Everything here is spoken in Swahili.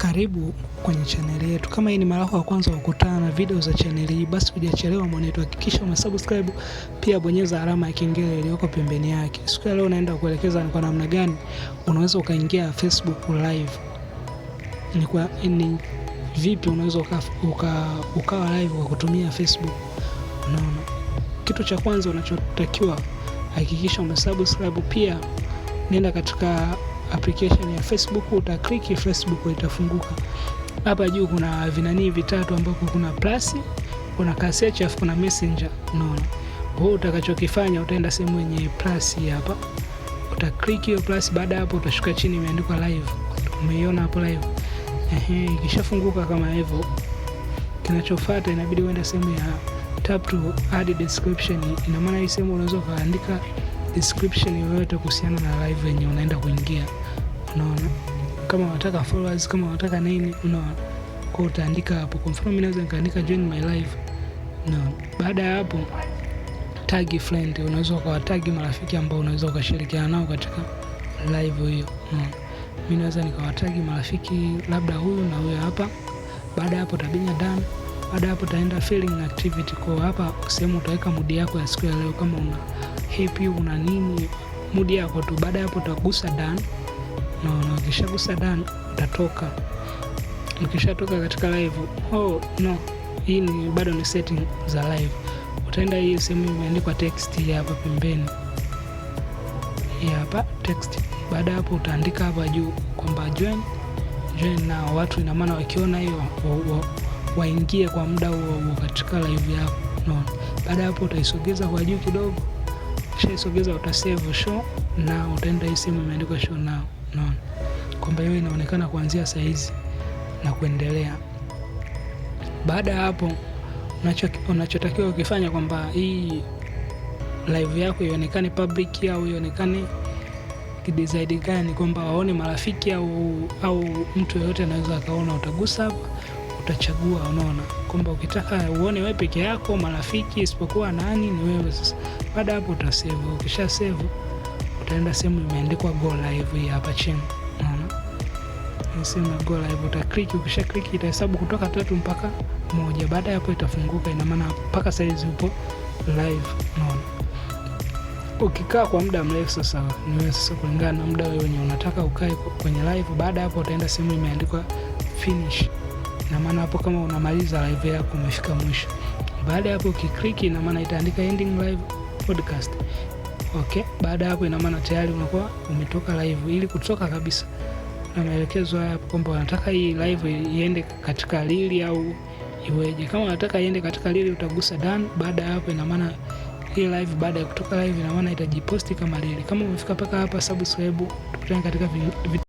Karibu kwenye chaneli yetu. Kama hii ni mara yako ya kwanza kukutana na video za chaneli hii, basi hujachelewa mwanetu, hakikisha umesubscribe, pia bonyeza alama ya kengele iliyoko pembeni yake. Siku ya leo naenda kuelekeza ni kwa namna gani unaweza ukaingia Facebook live, ni kwa ni vipi unaweza uka, uka, ukawa live kwa kutumia Facebook. Unaona, kitu cha kwanza unachotakiwa hakikisha umesubscribe, pia nenda katika application ya Facebook, utakliki Facebook itafunguka. Hapa juu kuna vinani vitatu ambapo kuna plus, kuna cassette, afu kuna messenger. none. kwa hiyo utakachokifanya utaenda sehemu yenye plus hapa, utakliki hiyo plus. Baada hapo utashuka chini, imeandikwa live, umeiona hapo live. Ehe, ikishafunguka kama hivyo, kinachofuata inabidi uende sehemu ya tap to add description. Ina maana hii sehemu unaweza ukaandika description yoyote kuhusiana na live yenye unaenda kuingia unaona, kama unataka followers, kama unataka nini, unaona, kwa utaandika hapo. Kwa mfano mimi naweza nikaandika join my life, unaona. Baada ya hapo tag friend, unaweza kwa tag marafiki ambao unaweza ukashirikiana nao katika live hiyo, unaona. Mimi naweza nikawatag marafiki labda huyu na huyu hapa. Baada ya hapo tabinya done. Baada hapo taenda feeling activity. Kwa hapa sehemu utaweka mudi yako ya siku ya leo, kama una happy, una nini, mudi yako tu. Baada ya hapo utagusa done naona ukishagusa done utatoka. Ukishatoka katika live, oh no, hii ni bado ni setting za live. Utaenda hii sehemu imeandikwa text hapa pembeni, hapa text. Baada hapo utaandika hapa juu kwamba join join, na watu ina maana wakiona hiyo waingie kwa muda huo huo katika live yako. No, baada hapo utaisogeza kwa juu kidogo, kisha isogeza, utasave show na utaenda hii sehemu imeandikwa show now naona kwamba hiyo inaonekana kuanzia saa hizi na kuendelea. Baada ya hapo, unachotakiwa ukifanya kwamba hii live yako ionekane public au ionekane kidizaidi gani, kwamba waone marafiki au au mtu yoyote anaweza akaona. Utagusa hapa, utachagua. Unaona kwamba ukitaka uone wewe peke yako, marafiki isipokuwa nani, ni wewe sasa. Baada hapo utasave. Ukisha save utaenda sehemu imeandikwa go live hii hapa chini, unaona ni sehemu ya go live, uta click, Ukisha click itahesabu kutoka tatu mpaka moja, baada ya hapo itafunguka. Ina maana mpaka sasa hizi upo live, unaona. Ukikaa kwa muda mrefu sasa, ni wewe sasa, kulingana na muda wewe wenyewe unataka ukae kwenye live, baada ya hapo utaenda sehemu imeandikwa finish. Ina maana hapo kama unamaliza live yako umefika mwisho. Baada ya hapo ukiklik, ina maana itaandika ending live podcast Okay, baada ya hapo ina maana tayari unakuwa umetoka live. Ili kutoka kabisa na maelekezo haya kwamba wanataka hii live iende katika lili au iweje. Kama unataka iende katika lili utagusa done. Baada ya hapo ina maana hii live baada ya kutoka live ina maana itajiposti kama lili. Kama umefika mpaka hapa, subscribe, tukutane katika video